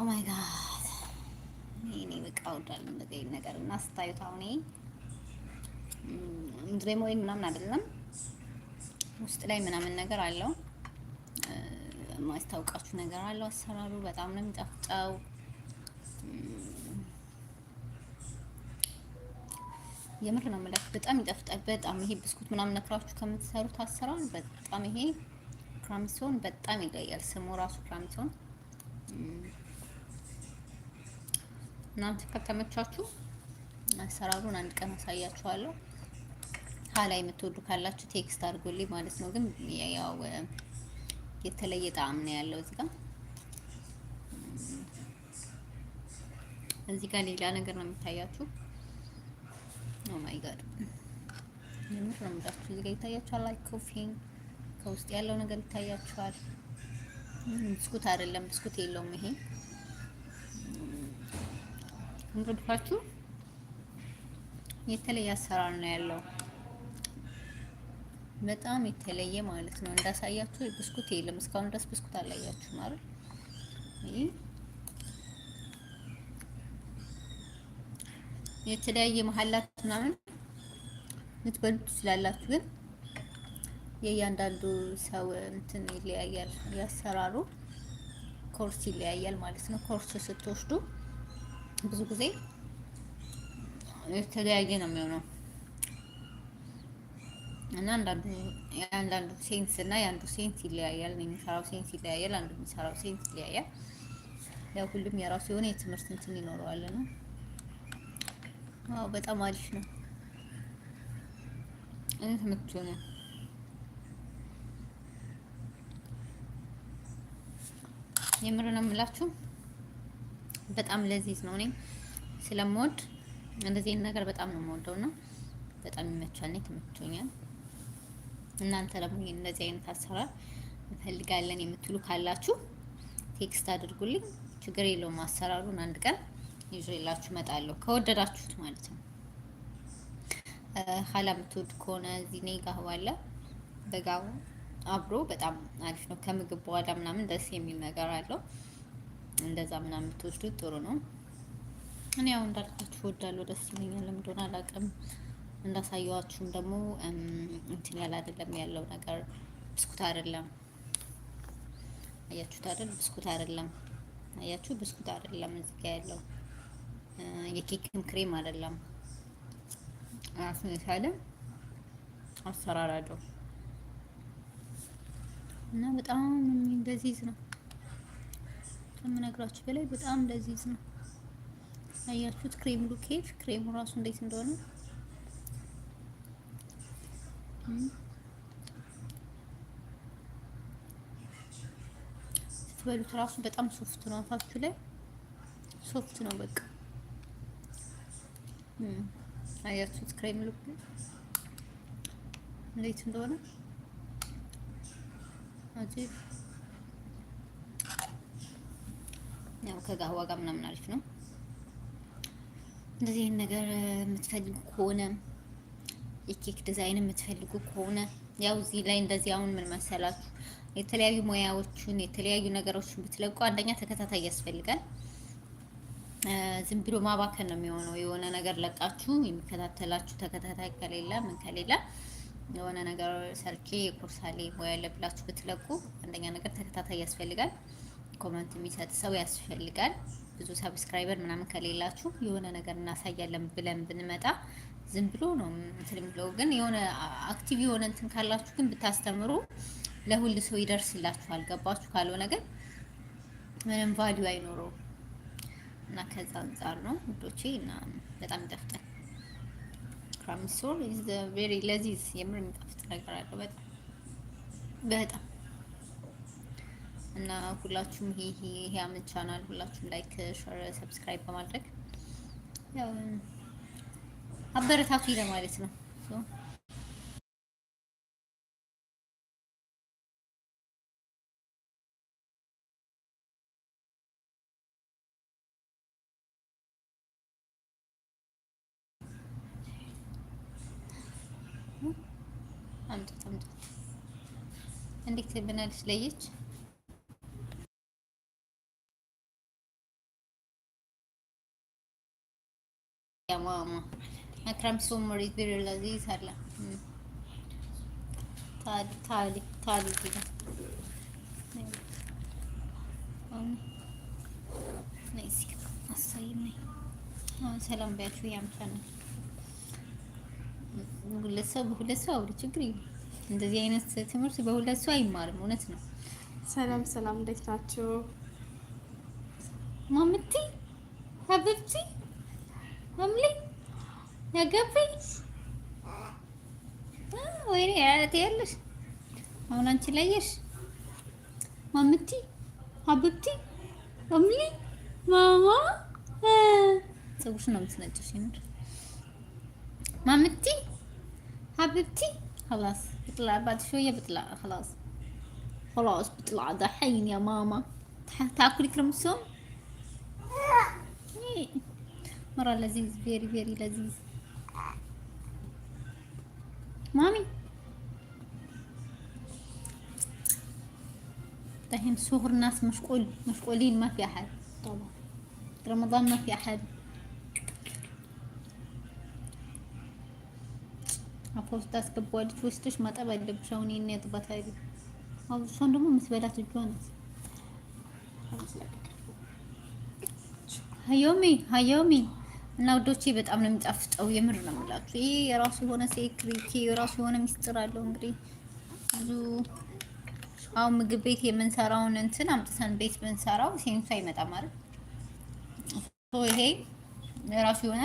ኦማይ oh ጋድ እኔ በቃ እወዳለሁ እንደዚህ ነገር እና ስታዩት አሁን ምድሬ ሞይን ምናምን አይደለም ውስጥ ላይ ምናምን ነገር አለው ማስታውቃችሁ ነገር አለው። አሰራሩ በጣም ነው የሚጣፍጠው። የምር ነው የምላችሁ፣ በጣም ይጣፍጣል። በጣም ይሄ ብስኩት ምናምን ነክራችሁ ከምትሰሩት አሰራር በጣም ይሄ ክራምሶን በጣም ይለያል። ስሙ ራሱ ክራምሶን እናንተ ከተመቻችሁ አሰራሩን አንድ ቀን አሳያችኋለሁ። ሀላ የምትወዱ ካላችሁ ቴክስት አድርጎልኝ ማለት ነው። ግን ያው የተለየ ጣዕም ነው ያለው እዚህ ጋር እዚህ ጋር ሌላ ነገር ነው የሚታያችሁ። ኦ ማይ ጋድ የምር ነው የምላችሁ። እዚህ ጋር ይታያችኋል፣ ላይክ ኮፊን ከውስጥ ያለው ነገር ይታያችኋል። ብስኩት አይደለም፣ ብስኩት የለውም ይሄ እንግዲህ የተለየ አሰራር ነው ያለው። በጣም የተለየ ማለት ነው። እንዳሳያችሁ ብስኩት የለም እስካሁን ድረስ ብስኩት አላያችሁ ማለት የተለያየ መሀላት ምናምን የምትበሉት ትችላላችሁ፣ ግን የእያንዳንዱ ሰው እንትን ይለያያል። ያሰራሩ ኮርስ ይለያያል ማለት ነው። ኮርስ ስትወስዱ ብዙ ጊዜ የተለያየ ነው የሚሆነው እና የአንዳንዱ ሴንስ እና የአንዱ ሴንስ ይለያያል። የሚሰራው ሴንስ ይለያያል። አንዱ የሚሰራው ሴንስ ይለያያል። ያው ሁሉም የራሱ የሆነ የትምህርት እንትን ይኖረዋል ነው። አዎ በጣም አሪፍ ነው። እኔ ትምህርት ነው የምር ነው የምላችሁ። በጣም ለዚህ ነው። እኔም ስለምወድ እንደዚህ ነገር በጣም ነው የምወደውና በጣም ይመቻል፣ ነው ተመችቶኛል። እናንተ ደግሞ እንደዚህ አይነት አሰራር እንፈልጋለን የምትሉ ካላችሁ ቴክስት አድርጉልኝ፣ ችግር የለውም። አሰራሩን አንድ ቀን ይዤላችሁ እመጣለሁ ከወደዳችሁት ማለት ነው። ኋላ የምትወድ ከሆነ እዚህ እኔ ጋር ዋለ በጋው አብሮ በጣም አሪፍ ነው። ከምግብ በኋላ ምናምን ደስ የሚል ነገር አለው። እንደዛ ምናምን ብትወስዱት ጥሩ ነው። እኔ ያው እንዳልኳችሁ እወዳለሁ፣ ደስ ይለኛል። ለምንድን አላውቅም። እንዳሳየዋችሁም ደግሞ እንትን ያለ አይደለም ያለው ነገር ብስኩት አይደለም። አያችሁት አይደል? ብስኩት አይደለም። አያችሁ? ብስኩት አይደለም። እዚህ ጋር ያለው የኬክም ክሬም አይደለም። ራሱን የቻለ አሰራር አለው እና በጣም እንደዚህ ነው። ከምነግራችሁ በላይ በጣም ለዚዝ ነው። አያችሁት? ክሬም ዱቄት ክሬሙ ራሱ እንዴት እንደሆነ ስትበሉት ራሱ በጣም ሶፍት ነው። አፋችሁ ላይ ሶፍት ነው። በቃ አያችሁት? ክሬም ዱቄት እንዴት እንደሆነ አዚፍ ያው ከጋዋ ጋር ምናምን አሪፍ ነው። እንደዚህ አይነት ነገር የምትፈልጉ ከሆነ የኬክ ዲዛይን የምትፈልጉ ከሆነ ያው እዚህ ላይ እንደዚህ አሁን ምን መሰላችሁ የተለያዩ ሙያዎችን የተለያዩ ነገሮችን ብትለቁ አንደኛ ተከታታይ ያስፈልጋል። ዝም ብሎ ማባከን ነው የሚሆነው። የሆነ ነገር ለቃችሁ የሚከታተላችሁ ተከታታይ ከሌለ ምን ከሌለ የሆነ ነገር ሰርቼ የኮርሳሌ ሙያ ለብላችሁ ብትለቁ አንደኛ ነገር ተከታታይ ያስፈልጋል። ኮመንት የሚሰጥ ሰው ያስፈልጋል። ብዙ ሰብስክራይበር ምናምን ከሌላችሁ የሆነ ነገር እናሳያለን ብለን ብንመጣ ዝም ብሎ ነው እንትን የሚለው። ግን የሆነ አክቲቭ የሆነ እንትን ካላችሁ ግን ብታስተምሩ ለሁል ሰው ይደርስላችኋል። ገባችሁ? ካልሆነ ግን ምንም ቫሊዩ አይኖረው እና ከዛ አንጻር ነው ውዶቼ። እና በጣም ይጠፍጣል። ክራምሶር ኢዝ ቬሪ ለዚዝ የምር የሚጣፍጥ ነገር አለው በጣም በጣም እና ሁላችሁም ይሄ ይሄ አመት ቻናል ሁላችሁም ላይክ፣ ሼር፣ ሰብስክራይብ በማድረግ ያው አበረታቱ ለማለት ነው። እንዴት ብናልሽ ለየች dawama. Ekrem Sumari Birulaziz hala. Talip, talip, talip gibi. Neyse ki sayayım ne. ሰላም ባያችሁ ያምቻናል። ሁለት ሰው በሁለት ሰው አውሪ ችግር እንደዚህ አይነት ትምህርት በሁለት ሰው አይማርም። እውነት ነው። ሰላም ሰላም፣ እንዴት ናችሁ ማምቲ ሀብብቲ مملي يا قبي ويني يا ያለሽ አሁን አንቺ ላየሽ ማምቲ አብብቲ ማምሊ ماما ماما ነው የምትነጭሽ ይምር ማምቲ حبيبتي خلاص بطلع بعد شوية بطلع خلاص خلاص بطلع دحين يا ماما تاكلي كرمسون إيه. مرة لذيذ فيري فيري لذيذ مامي دحين صغر الناس مشغول مشغولين ما في أحد طبعا رمضان ما في أحد أفوز تاسك بوالد فوستش ما تبدل لبشوني إني طبت هذي شلون دمو مسبلات الجونس هيومي እና ውዶቼ በጣም ነው የሚጣፍጠው። የምር ነው የምላችሁ። ይሄ የራሱ የሆነ ሴክሪቲ የራሱ የሆነ ሚስጥር አለው። እንግዲህ ብዙ አሁን ምግብ ቤት የምንሰራውን እንትን አምጥተን ቤት ብንሰራው ሴንሱ አይመጣም ማለት ይሄ የራሱ የሆነ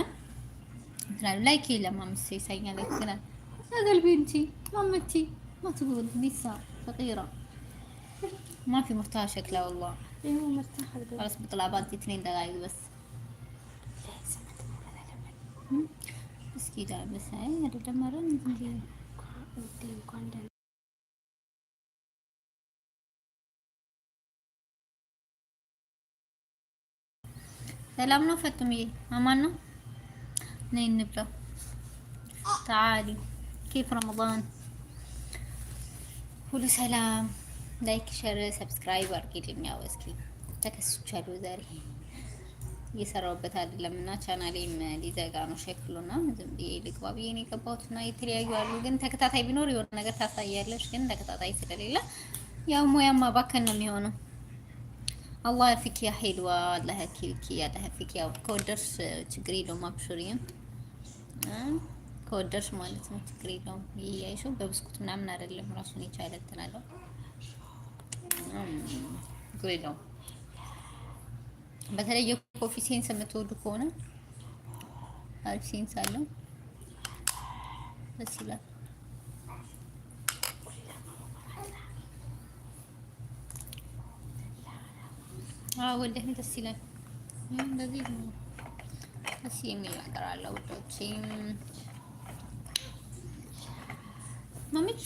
እንትናል ላይክ ለማምስ ይሳኛል ይችላል ነገል ቢንቲ ማመቲ ما تقول ፈቂራ ማፊ ሙርታ ሸክላ مرتاحة شكلها والله ايوه مرتاحة خلاص بطلع بعد اثنين መስጊድ አለ አይደለም እንኳን ሰላም ነው ፈጡምዬ፣ አማን ነው። ነይ እንብላ። ተዓሊ ኬፍ ረመዳን ሁሉ ሰላም። ላይክ ሸር ሰብስክራይብ ያው እስኪ ተከስቻለሁ ዛሬ እየሰራውበት አይደለም እና ቻናሌም ሊዘጋ ነው ሸክሉና ዝም ብዬ ልግባ ብዬ ነው የገባሁት። እና የተለያዩ አሉ፣ ግን ተከታታይ ቢኖር የሆነ ነገር ታሳያለች። ግን ተከታታይ ስለሌለ ያው ሙያም ባከን ነው የሚሆነው። አላህ ፊኪያ ሄልዋ አላህ ፊክ ያላህ ፊኪያ ያው ችግር የለውም አብሹሪም ከወደድሽ ማለት ነው ችግር የለውም። ይህ አይሾ በብስኩት ምናምን አይደለም ራሱን የቻለ እንትን አለው ችግር የለውም። በተለይ የኮፊ ሴንስ የምትወዱ ከሆነ አሪፍ ሴንስ አለው። ደስ ይላል። አዎ ወደህም ደስ ይላል። እንደዚህ ደስ የሚል ነገር አለው። ወዶቼ ማሚቺ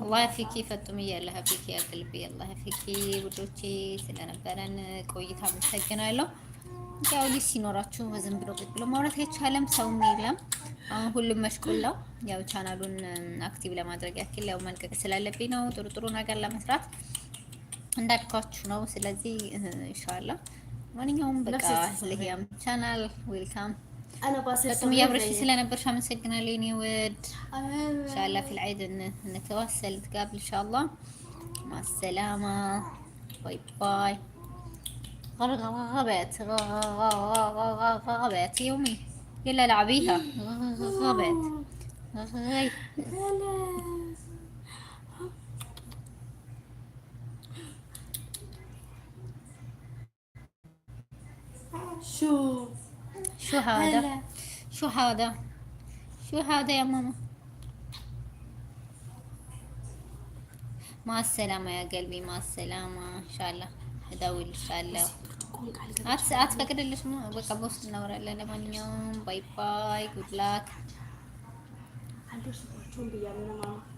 አላህ ፊኪ ፈጡም እያለ ፊኪ ያግልብ ያላህ ፊኪ ውዶቼ ስለነበረን ቆይታ አመሰግናለሁ። ያው ልጅ ሲኖራችሁ ዝም ብሎ ቁጭ ብሎ ማውራት አይቻልም፣ ሰውም የለም። አሁን ሁሉም መሽቆላው ያው ቻናሉን አክቲቭ ለማድረግ ያክል ያው መልቀቅ ስላለብኝ ነው፣ ጥሩ ጥሩ ነገር ለመስራት እንዳልኳችሁ ነው። ስለዚህ ኢንሻአላህ ማንኛውም በቃ ለህያም ቻናል ዌልካም انا باسل سمية برشي سلا نبرش هم سجنا ليني ود آه. ان شاء الله في العيد نتواصل نتقابل ان شاء الله مع السلامة باي باي غرغبت غرغبت يومي يلا لعبيها غرغبت شوف شو هذا شو هذا شو هذا يا ماما مع السلامة يا قلبي مع السلامة إن شاء الله هداول إن شاء الله أتفكر ليش مو بكبوس نورة لنا من يوم باي باي جود لك